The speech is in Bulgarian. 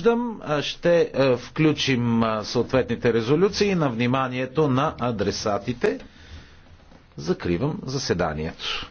обсъждам. ще включим съответните резолюции на вниманието на адресатите. Закривам заседанието.